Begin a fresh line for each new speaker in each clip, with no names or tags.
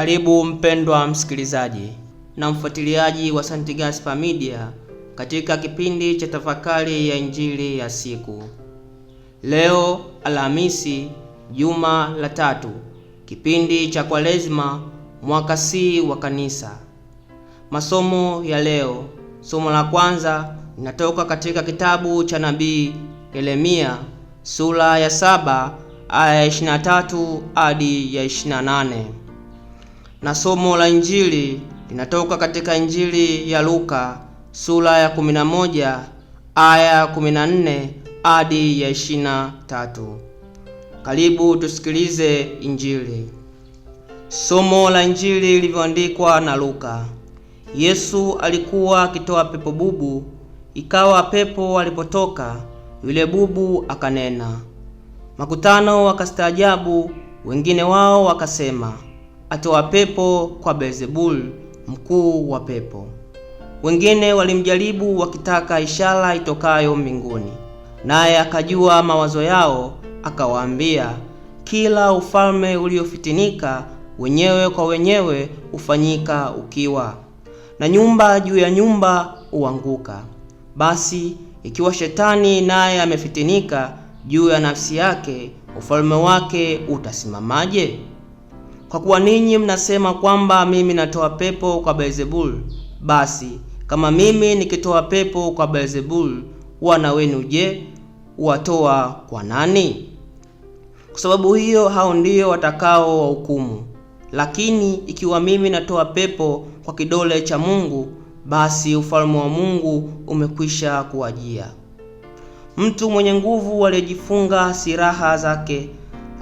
Karibu mpendwa msikilizaji na mfuatiliaji wa St. Gaspar Media katika kipindi cha tafakari ya injili ya siku. Leo Alhamisi, juma la tatu, kipindi cha Kwaresma, mwaka C wa Kanisa. Masomo ya leo, somo la kwanza linatoka katika kitabu cha nabii Yeremia sura ya saba aya ya 23 hadi ya 28 na somo la Injili linatoka katika Injili ya Luka sura ya 11 aya 14 hadi ya 23. Karibu tusikilize Injili. Somo la Injili lilivyoandikwa na Luka. Yesu alikuwa akitoa pepo bubu, ikawa pepo alipotoka yule bubu akanena. Makutano wakastaajabu, wengine wao wakasema atoa pepo kwa Beelzebul, mkuu wa pepo. Wengine walimjaribu wakitaka ishara itokayo mbinguni, naye akajua mawazo yao, akawaambia, kila ufalme uliofitinika wenyewe kwa wenyewe ufanyika ukiwa, na nyumba juu ya nyumba uanguka Basi ikiwa shetani naye amefitinika juu ya nafsi yake, ufalme wake utasimamaje? Kwa kuwa ninyi mnasema kwamba mimi natoa pepo kwa Beelzebul, basi kama mimi nikitoa pepo kwa Beelzebul, wana wenu je, watoa kwa nani? Kwa sababu hiyo hao ndio watakao wahukumu. Lakini ikiwa mimi natoa pepo kwa kidole cha Mungu, basi ufalme wa Mungu umekwisha kuwajia. Mtu mwenye nguvu aliyejifunga silaha zake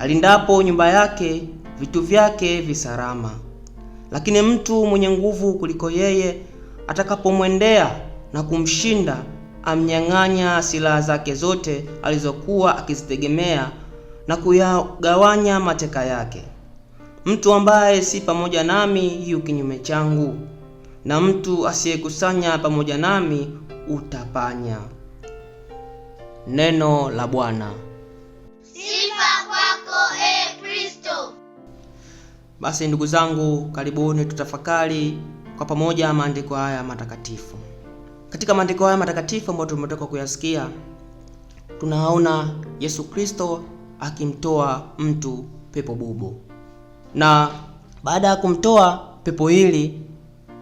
alindapo nyumba yake vitu vyake visarama, lakini mtu mwenye nguvu kuliko yeye atakapomwendea na kumshinda, amnyang'anya silaha zake zote alizokuwa akizitegemea na kuyagawanya mateka yake. Mtu ambaye si pamoja nami yu kinyume changu, na mtu asiyekusanya pamoja nami utapanya. Neno la Bwana.
Basi ndugu zangu, karibuni tutafakari kwa pamoja maandiko haya matakatifu. Katika maandiko haya matakatifu ambayo tumetoka kuyasikia, tunaona Yesu Kristo akimtoa mtu pepo bubu, na baada ya kumtoa pepo hili,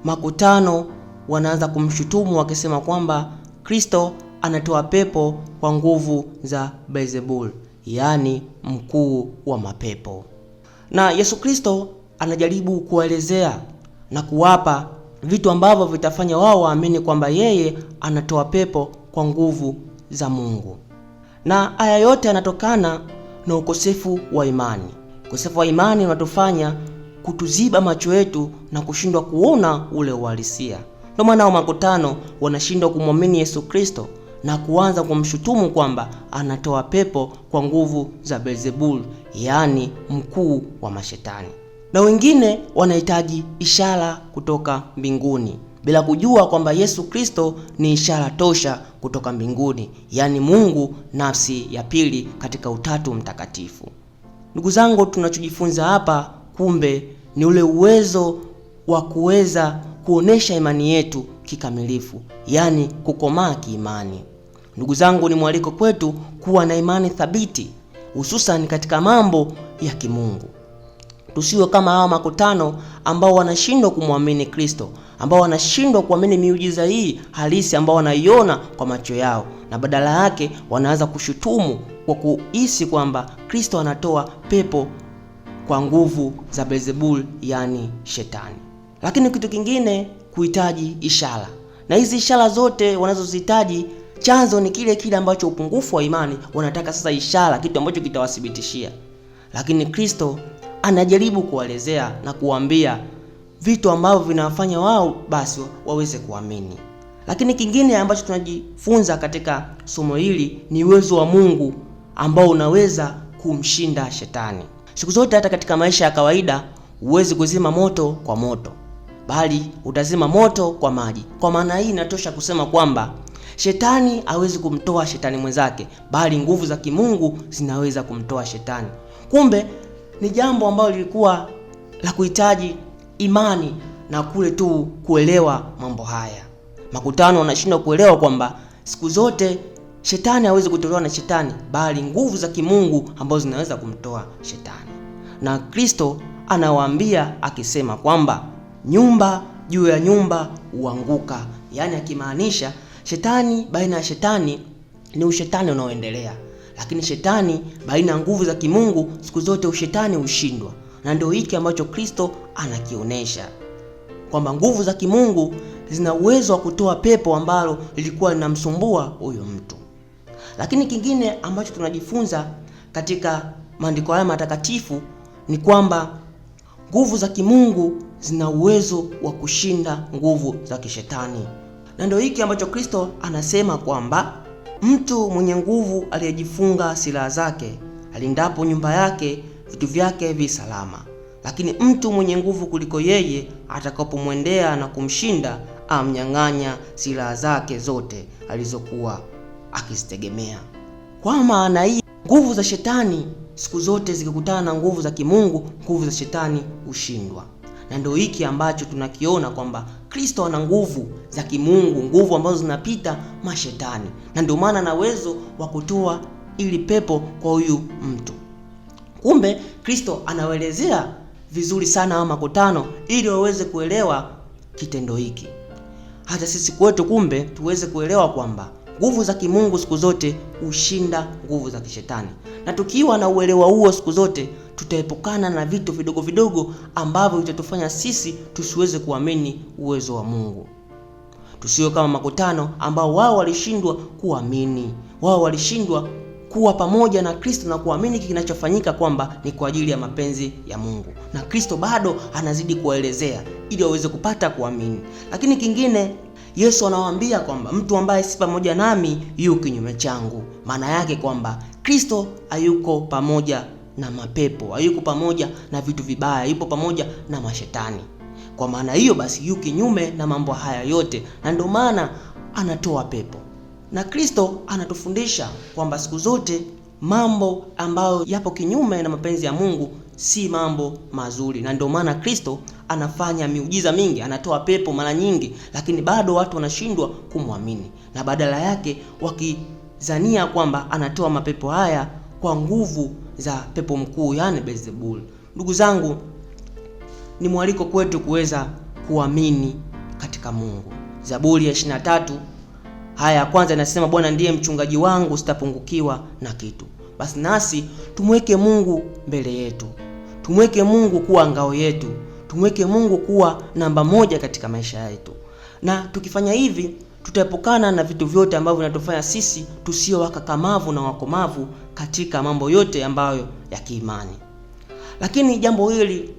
makutano wanaanza kumshutumu wakisema kwamba Kristo anatoa pepo kwa nguvu za Beelzebul, yaani mkuu wa mapepo na Yesu Kristo anajaribu kuwaelezea na kuwapa vitu ambavyo vitafanya wao waamini kwamba yeye anatoa pepo kwa nguvu za Mungu, na haya yote yanatokana na ukosefu wa imani. Ukosefu wa imani unatufanya kutuziba macho yetu na kushindwa kuona ule uhalisia. Ndio maana makutano wanashindwa kumwamini Yesu Kristo na kuanza kumshutumu kwamba anatoa pepo kwa nguvu za Beelzebul, yaani mkuu wa mashetani, na wengine wanahitaji ishara kutoka mbinguni bila kujua kwamba Yesu Kristo ni ishara tosha kutoka mbinguni, yaani Mungu nafsi ya pili katika Utatu Mtakatifu. Ndugu zangu, tunachojifunza hapa kumbe ni ule uwezo wa kuweza kuonesha imani yetu kikamilifu, yaani kukomaa kiimani. Ndugu zangu, ni mwaliko kwetu kuwa na imani thabiti, hususan katika mambo ya kimungu. Tusiwe kama hawa makutano ambao wanashindwa kumwamini Kristo, ambao wanashindwa kuamini miujiza hii halisi ambao wanaiona kwa macho yao, na badala yake wanaanza kushutumu kwa kuhisi kwamba Kristo anatoa pepo kwa nguvu za Beelzebul, yani shetani. Lakini kitu kingine, kuhitaji ishara, na hizi ishara zote wanazozihitaji Chanzo ni kile kile ambacho upungufu wa imani wanataka sasa ishara, kitu ambacho kitawathibitishia. Lakini Kristo anajaribu kuwaelezea na kuwaambia vitu ambavyo vinawafanya wao basi waweze kuamini. Lakini kingine ambacho tunajifunza katika somo hili ni uwezo wa Mungu ambao unaweza kumshinda shetani. Siku zote hata katika maisha ya kawaida huwezi kuzima moto kwa moto, bali utazima moto kwa maji. Kwa maana hii inatosha kusema kwamba Shetani hawezi kumtoa shetani mwenzake, bali nguvu za kimungu zinaweza kumtoa shetani. Kumbe ni jambo ambalo lilikuwa la kuhitaji imani na kule tu kuelewa mambo haya. Makutano wanashindwa kuelewa kwamba siku zote shetani hawezi kutolewa na shetani, bali nguvu za kimungu ambazo zinaweza kumtoa shetani. Na Kristo anawaambia akisema kwamba nyumba juu ya nyumba huanguka, yaani akimaanisha Shetani baina ya shetani ni ushetani unaoendelea, lakini shetani baina ya nguvu za kimungu, siku zote ushetani hushindwa, na ndio hiki ambacho Kristo anakionyesha kwamba nguvu za kimungu zina uwezo wa kutoa pepo ambalo lilikuwa linamsumbua huyo mtu. Lakini kingine ambacho tunajifunza katika maandiko haya matakatifu ni kwamba nguvu za kimungu zina uwezo wa kushinda nguvu za kishetani na ndio hiki ambacho Kristo anasema kwamba mtu mwenye nguvu aliyejifunga silaha zake alindapo nyumba yake vitu vyake vi salama, lakini mtu mwenye nguvu kuliko yeye atakapomwendea na kumshinda amnyang'anya silaha zake zote alizokuwa akizitegemea. Kwa maana hii, nguvu za shetani siku zote zikikutana na nguvu za kimungu, nguvu za shetani hushindwa, na ndio hiki ambacho tunakiona kwamba Kristo ana nguvu za kimungu, nguvu ambazo zinapita mashetani, na ndio maana ana uwezo wa kutoa ili pepo kwa huyu mtu. Kumbe Kristo anawaelezea vizuri sana hawa makutano ili waweze kuelewa kitendo hiki, hata sisi kwetu, kumbe tuweze kuelewa kwamba nguvu za kimungu siku zote hushinda nguvu za kishetani, na tukiwa na uelewa huo siku zote tutaepukana na vitu vidogo vidogo ambavyo vitatufanya sisi tusiweze kuamini uwezo wa Mungu. Tusiwe kama makutano ambao wao walishindwa kuamini, wao walishindwa kuwa pamoja na Kristo na kuamini kinachofanyika kwamba ni kwa ajili ya mapenzi ya Mungu, na Kristo bado anazidi kuwaelezea ili waweze kupata kuamini. Lakini kingine Yesu anawaambia kwamba mtu ambaye si pamoja nami yu kinyume changu. Maana yake kwamba Kristo hayuko pamoja na mapepo, hayuko pamoja na vitu vibaya, yupo pamoja na mashetani. Kwa maana hiyo basi yu kinyume na mambo haya yote, na ndio maana anatoa pepo. Na Kristo anatufundisha kwamba siku zote mambo ambayo yapo kinyume na mapenzi ya Mungu si mambo mazuri, na ndio maana Kristo anafanya miujiza mingi, anatoa pepo mara nyingi, lakini bado watu wanashindwa kumwamini, na badala yake wakizania kwamba anatoa mapepo haya kwa nguvu za pepo mkuu, yani Beelzebul. Ndugu zangu, ni mwaliko kwetu kuweza kuamini katika Mungu. Zaburi ya 23 haya ya kwanza inasema, Bwana ndiye mchungaji wangu, sitapungukiwa na kitu. Basi nasi tumweke Mungu mbele yetu, tumweke Mungu kuwa ngao yetu, tumweke Mungu kuwa namba moja katika maisha yetu, na tukifanya hivi tutaepukana na vitu vyote ambavyo vinatufanya sisi tusio wakakamavu na wakomavu katika mambo yote ambayo ya kiimani. Lakini jambo hili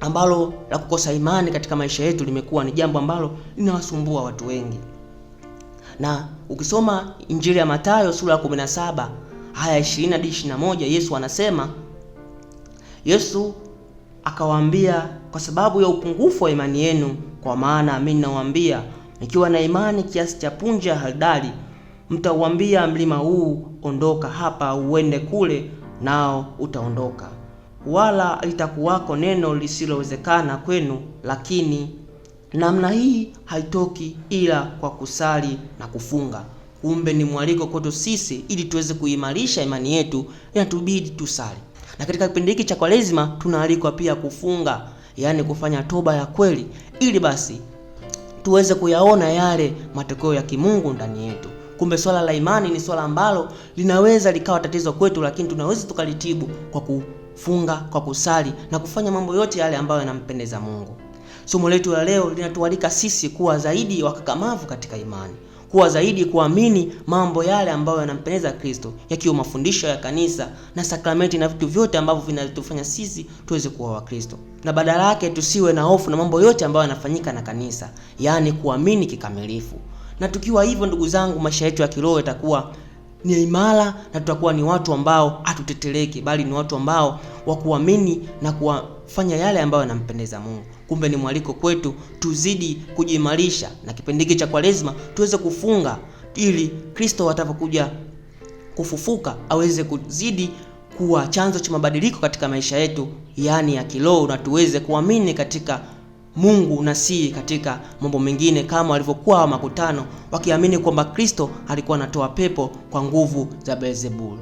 ambalo la kukosa imani katika maisha yetu limekuwa ni jambo ambalo linawasumbua watu wengi, na ukisoma Injili ya Mathayo sura ya 17 aya 20 hadi 21, Yesu anasema, Yesu akawaambia, kwa sababu ya upungufu wa imani yenu, kwa maana mimi nawaambia nikiwa na imani kiasi cha punje ya haradali, mtauambia mlima huu, ondoka hapa uende kule, nao utaondoka, wala litakuwako neno lisilowezekana kwenu. Lakini namna hii haitoki ila kwa kusali na kufunga. Kumbe ni mwaliko kwetu sisi, ili tuweze kuimarisha imani yetu, inatubidi tusali. Na katika kipindi hiki cha Kwaresima tunaalikwa pia kufunga, yaani kufanya toba ya kweli, ili basi tuweze kuyaona yale matokeo ya kimungu ndani yetu. Kumbe swala la imani ni swala ambalo linaweza likawa tatizo kwetu, lakini tunaweza tukalitibu kwa kufunga, kwa kusali na kufanya mambo yote yale ambayo yanampendeza Mungu. Somo letu la leo linatualika sisi kuwa zaidi wakakamavu katika imani kuwa zaidi kuamini mambo yale ambayo yanampendeza Kristo, yakiwa mafundisho ya kanisa na sakramenti na vitu vyote ambavyo vinatufanya sisi tuweze kuwa Wakristo, na badala yake tusiwe na hofu na mambo yote ambayo yanafanyika na kanisa, yaani kuamini kikamilifu. Na tukiwa hivyo, ndugu zangu, maisha yetu ya kiroho yatakuwa ni imara na tutakuwa ni watu ambao hatuteteleki, bali ni watu ambao wa kuamini na kuwafanya yale ambayo yanampendeza Mungu kumbe ni mwaliko kwetu tuzidi kujiimarisha na kipindi hiki cha Kwaresma tuweze kufunga ili Kristo atakapokuja kufufuka aweze kuzidi kuwa chanzo cha mabadiliko katika maisha yetu, yaani ya kiroho, na tuweze kuamini katika Mungu na si katika mambo mengine, kama walivyokuwa makutano wakiamini kwamba Kristo alikuwa anatoa pepo kwa nguvu za Beelzebul.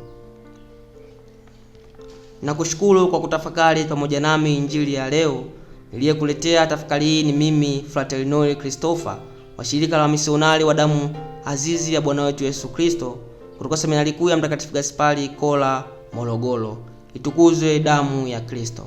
Nakushukuru kwa kutafakari pamoja nami injili ya leo. Niliyekuletea tafakari hii ni mimi Fratellinori Christopher wa shirika la misionari wa damu azizi ya Bwana wetu Yesu Kristo kutoka seminari kuu ya Mtakatifu Gaspari Kola, Morogoro. Itukuzwe damu ya Kristo!